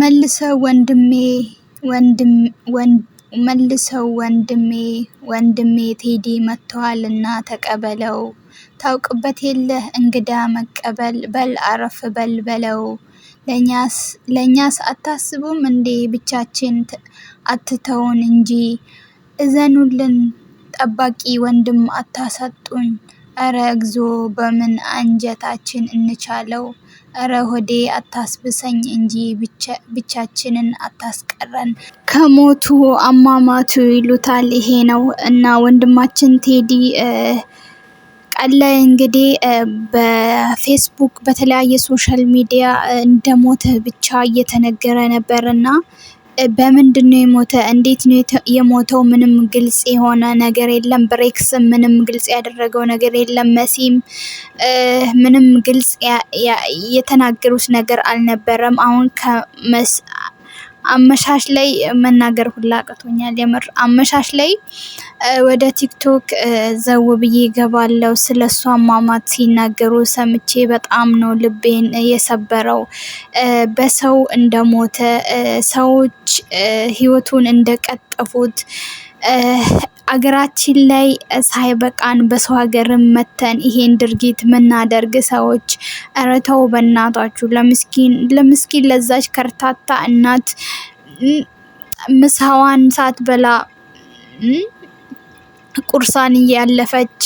መልሰው ወንድሜ ወንድም መልሰው ወንድሜ ወንድሜ ቴዲ መጥቷልና ተቀበለው ታውቅበት የለህ እንግዳ መቀበል በል አረፍ በል በለው ለኛስ ለኛስ አታስቡም እንዴ ብቻችን አትተውን እንጂ እዘኑልን ጠባቂ ወንድም አታሳጡን እረ እግዚኦ በምን አንጀታችን እንቻለው? እረ ሆዴ አታስብሰኝ እንጂ ብቻችንን አታስቀረን። ከሞቱ አሟሟቱ ይሉታል ይሄ ነው እና ወንድማችን ቴዲ ቀን እንግዲህ በፌስቡክ በተለያየ ሶሻል ሚዲያ እንደሞተ ብቻ እየተነገረ ነበር እና በምንድነው የሞተ እንዴት ነው የሞተው? ምንም ግልጽ የሆነ ነገር የለም። ብሬክስም ምንም ግልጽ ያደረገው ነገር የለም። መሲም ምንም ግልጽ የተናገሩት ነገር አልነበረም። አሁን ከመስ አመሻሽ ላይ መናገር ሁላ አቅቶኛል። የምር አመሻሽ ላይ ወደ ቲክቶክ ዘው ብዬ ገባለው ስለ እሷ አሟሟት ሲናገሩ ሰምቼ በጣም ነው ልቤን የሰበረው። በሰው እንደሞተ ሰዎች ህይወቱን እንደቀጠፉት አገራችን ላይ ሳይበቃን በሰው ሀገርም መተን ይሄን ድርጊት ምናደርግ ሰዎች እረ በእናታችሁ። ለምስኪን ለምስኪን ለዛች ከርታታ እናት ምሳዋን ሳትበላ ቁርሳን እያለፈች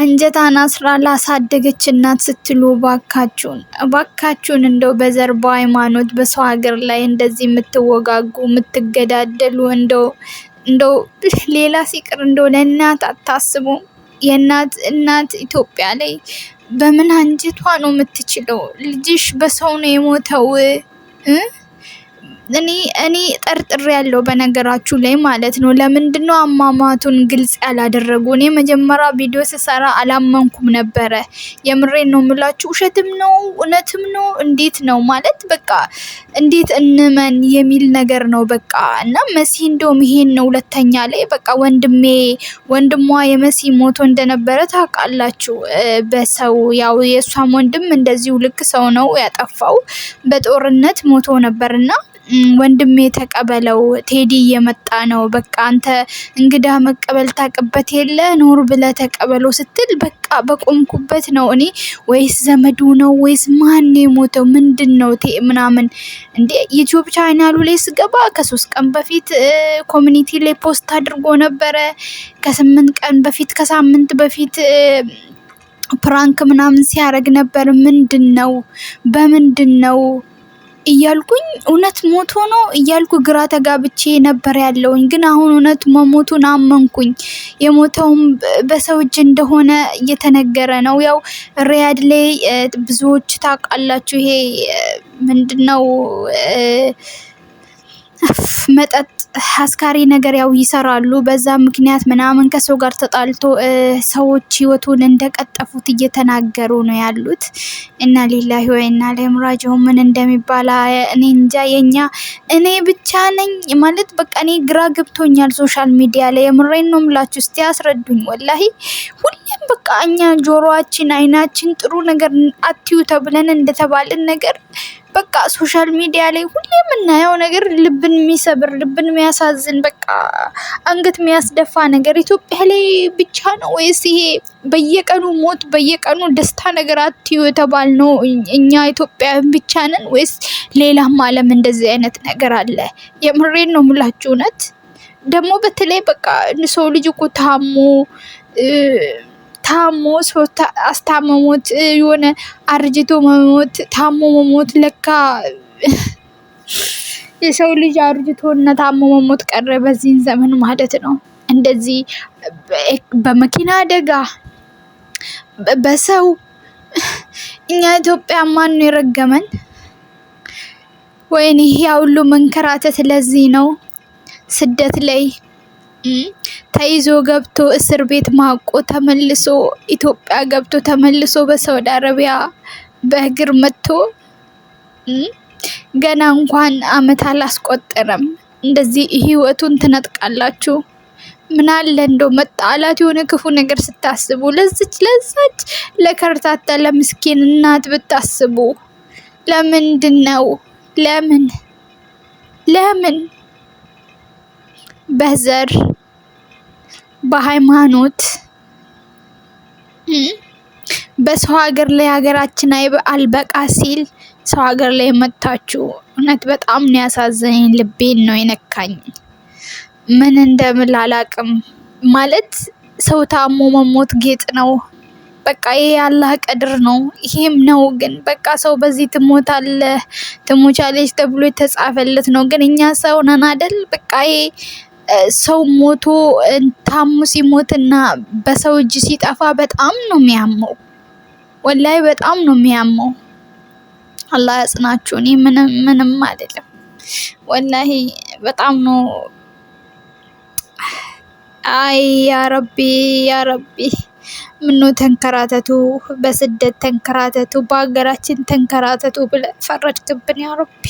አንጀት አናስራ ላሳደገች እናት ስትሉ ባካችሁን ባካችሁን እንደው በዘር በሃይማኖት በሰው ሀገር ላይ እንደዚህ የምትወጋጉ የምትገዳደሉ እንደው እንደው ሌላ ሲቅር እንደው ለእናት አታስቡ። የእናት እናት ኢትዮጵያ ላይ በምን አንጀቷ ነው የምትችለው? ልጅሽ በሰው ነው የሞተው እ እኔ እኔ ጠርጥሬ ያለው በነገራችሁ ላይ ማለት ነው። ለምንድነው አሟሟቱን ግልጽ ያላደረጉ? እኔ መጀመሪያ ቪዲዮ ስሰራ አላመንኩም ነበረ። የምሬን ነው ምላችሁ። ውሸትም ነው እውነትም ነው እንዴት ነው ማለት በቃ እንዴት እንመን የሚል ነገር ነው በቃ። እና መሲ እንደውም ይሄን ነው ሁለተኛ ላይ በቃ ወንድሜ ወንድሟ የመሲ ሞቶ እንደነበረ ታውቃላችሁ። በሰው ያው የእሷም ወንድም እንደዚሁ ልክ ሰው ነው ያጠፋው በጦርነት ሞቶ ነበርና ወንድሜ ተቀበለው ቴዲ እየመጣ ነው በቃ አንተ እንግዳ መቀበል ታቅበት የለ ኑር ብለ ተቀበለው ስትል በቃ በቆምኩበት ነው እኔ ወይስ ዘመዱ ነው ወይስ ማን የሞተው ምንድነው ምናምን እንዴ ዩቲዩብ ቻናሉ ላይ ስገባ ከሶስት ቀን በፊት ኮሚኒቲ ላይ ፖስት አድርጎ ነበረ ከስምንት ቀን በፊት ከሳምንት በፊት ፕራንክ ምናምን ሲያደርግ ነበር ምንድን ነው? በምንድን ነው? እያልኩኝ እውነት ሞቶ ነው እያልኩ ግራ ተጋብቼ ነበር ያለውኝ። ግን አሁን እውነት መሞቱን አመንኩኝ። የሞተውም በሰው እጅ እንደሆነ እየተነገረ ነው። ያው ሪያድ ላይ ብዙዎች ታውቃላችሁ፣ ይሄ ምንድነው መጠጥ አስካሪ ነገር ያው ይሰራሉ። በዛ ምክንያት ምናምን ከሰው ጋር ተጣልቶ ሰዎች ህይወቱን እንደቀጠፉት እየተናገሩ ነው ያሉት። እና ህይወ ወይና ለምራጀው ምን እንደሚባል እኔ እንጃ። የኛ እኔ ብቻ ነኝ ማለት በቃ እኔ ግራ ገብቶኛል ሶሻል ሚዲያ ላይ የምሬን ነው ምላችሁ። እስቲ አስረዱኝ ወላሂ በቃ እኛ ጆሮአችን አይናችን ጥሩ ነገር አትዩ ተብለን እንደተባልን ነገር በቃ ሶሻል ሚዲያ ላይ ሁሌ የምናየው ነገር ልብን የሚሰብር ልብን የሚያሳዝን በቃ አንገት የሚያስደፋ ነገር ኢትዮጵያ ላይ ብቻ ነው ወይስ ይሄ በየቀኑ ሞት በየቀኑ ደስታ ነገር አትዩ ነው እኛ ኢትዮጵያውያን ብቻ ነን ወይስ ሌላም አለም እንደዚህ አይነት ነገር አለ? የምሬን ነው የምላችሁ እውነት ደግሞ በተለይ በቃ ሰው ልጅ እኮ ታሞ ታሞ አስታመሞት የሆነ አርጅቶ መሞት ታሞ መሞት ለካ የሰው ልጅ አርጅቶ እና ታሞ መሞት ቀረ በዚህን ዘመን ማለት ነው። እንደዚህ በመኪና አደጋ በሰው እኛ ኢትዮጵያ ማን የረገመን? ወይን ይሄ ሁሉ መንከራተት ለዚህ ነው ስደት ላይ ተይዞ ገብቶ እስር ቤት ማቆ ተመልሶ ኢትዮጵያ ገብቶ ተመልሶ በሳውዲ አረቢያ በእግር መጥቶ ገና እንኳን አመት አላስቆጠረም። እንደዚህ ህይወቱን ትነጥቃላችሁ። ምን አለ እንደው መጣላት የሆነ ክፉ ነገር ስታስቡ ለዚች ለዛች ለከርታታ ለምስኪን እናት ብታስቡ ለምንድን ነው? ለምን ለምን በዘር በሃይማኖት በሰው ሀገር ላይ ሀገራችን አይ አልበቃ ሲል ሰው ሀገር ላይ መታችሁ። እውነት በጣም ነው ያሳዘነኝ፣ ልቤን ነው የነካኝ። ምን እንደምል አላቅም። ማለት ሰው ታሞ መሞት ጌጥ ነው። በቃ ይሄ ያላህ ቀድር ነው፣ ይሄም ነው። ግን በቃ ሰው በዚህ ትሞት አለ ትሞቻለች ተብሎ የተጻፈለት ነው። ግን እኛ ሰው ነን አደል? በቃ ይሄ ሰው ሞቶ ታሙ እና በሰው እጅ ሲጠፋ በጣም ነው የሚያመው። ወላይ በጣም ነው የሚያመው። አላህ ያጽናችሁ። እኔ ምንም ምንም አይደለም። ወላሂ በጣም ነው። አይ ያረቢ ያረቢ ምኖ ተንከራተቱ፣ በስደት ተንከራተቱ፣ በሀገራችን ተንከራተቱ ብለ ፈረድክብን ያረቢ።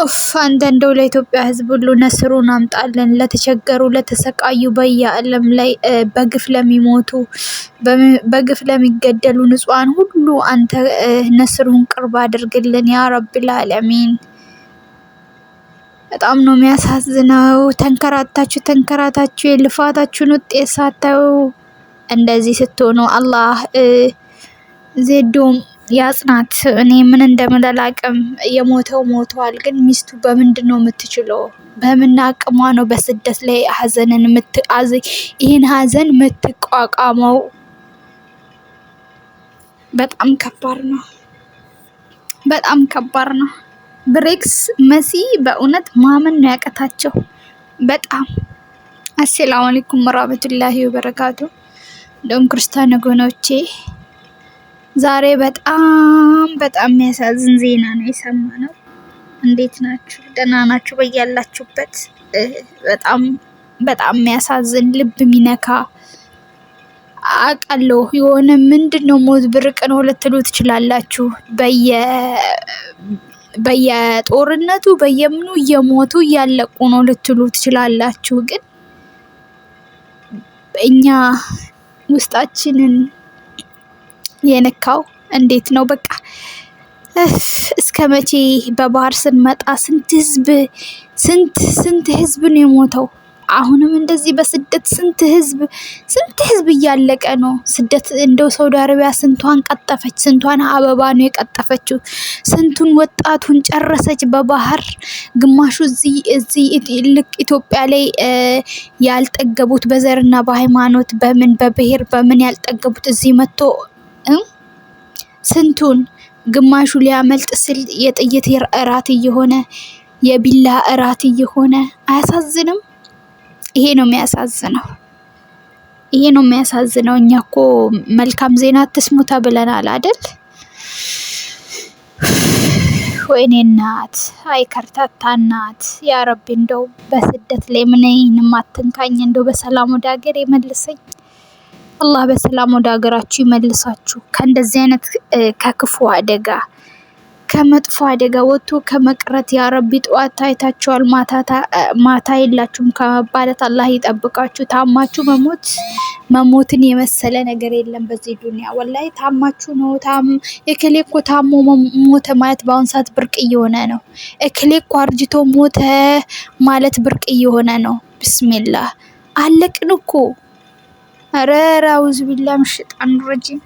ኡፍ አንተ ለኢትዮጵያ ህዝብ ሁሉ ነስሩን አምጣልን። ለተቸገሩ ለተሰቃዩ፣ በየዓለም ላይ በግፍ ለሚሞቱ በግፍ ለሚገደሉ ንጹሃን ሁሉ አንተ ነስሩን ቅርብ አድርግልን ያ ረብ ዓለሚን። በጣም ነው የሚያሳዝነው። ተንከራታችሁ ተንከራታችሁ የልፋታችሁን ውጤት ሳታዩ እንደዚህ ስትሆኑ አላህ ዜዶም ያጽናት። እኔ ምን እንደምላላቅም የሞተው ሞቷል፣ ግን ሚስቱ በምንድን ነው የምትችለው? በምን አቅሟ ነው በስደት ላይ ሀዘንን የምትቃዝ ይህን ሀዘን ምትቋቋመው? በጣም ከባድ ነው። በጣም ከባድ ነው። ብሬክስ መሲ በእውነት ማመን ነው ያቀታቸው። በጣም አሰላሙ አለይኩም ወራህመቱላሂ ወበረካቱ። እንደውም ክርስቲያን ወገኖቼ ዛሬ በጣም በጣም የሚያሳዝን ዜና ነው የሰማነው። እንዴት ናችሁ? ደህና ናችሁ? በያላችሁበት በጣም በጣም የሚያሳዝን ልብ የሚነካ አቃለሁ የሆነ ምንድን ነው ሞት ብርቅ ነው ልትሉ ትችላላችሁ። በየጦርነቱ በየምኑ እየሞቱ እያለቁ ነው ልትሉ ትችላላችሁ። ግን እኛ ውስጣችንን የነካው እንዴት ነው በቃ እስከ መቼ በባህር ስንመጣ ስንት ህዝብ ስንት ስንት ህዝብ ነው የሞተው። አሁንም እንደዚህ በስደት ስንት ህዝብ ስንት ህዝብ እያለቀ ነው። ስደት እንደው ሳውዲ አረቢያ ስንቷን ቀጠፈች፣ ስንቷን አበባ ነው የቀጠፈችው፣ ስንቱን ወጣቱን ጨረሰች በባህር። ግማሹ እዚህ እዚህ ልቅ ኢትዮጵያ ላይ ያልጠገቡት በዘርና በሃይማኖት በምን በብሄር በምን ያልጠገቡት እዚህ መጥቶ ስንቱን ግማሹ ሊያመልጥ ስል የጥይት እራት እየሆነ የቢላ እራት እየሆነ አያሳዝንም? ይሄ ነው የሚያሳዝነው። ይሄ ነው የሚያሳዝነው። እኛ እኮ መልካም ዜና አትስሙ ተብለናል አይደል? ወይኔ እናት፣ አይ ከርታታ እናት፣ ያ ረቢ እንደው በስደት ላይ ምን ይህንም አትንካኝ፣ እንደው በሰላም ወደ ሀገር የመልሰኝ። አላህ በሰላም ወደ ሀገራችሁ ይመልሳችሁ። ከእንደዚህ አይነት ከክፉ አደጋ ከመጥፎ አደጋ ወጥቶ ከመቅረት ያረቢ። ጠዋት ታይታችኋል፣ ማታ የላችሁም ከመባለት አላህ ይጠብቃችሁ። ታማችሁ መሞት መሞትን የመሰለ ነገር የለም በዚህ ዱኒያ። ወላሂ ታማችሁ ነው ታም እክሌ እኮ ታሞ ሞተ ማለት በአሁን ሰዓት ብርቅ እየሆነ ነው። እክሌ እኮ አርጅቶ ሞተ ማለት ብርቅ እየሆነ ነው። ብስሚላህ አለቅን እኮ ኧረ አውዝ ቢላ ምሽጣን ረጅም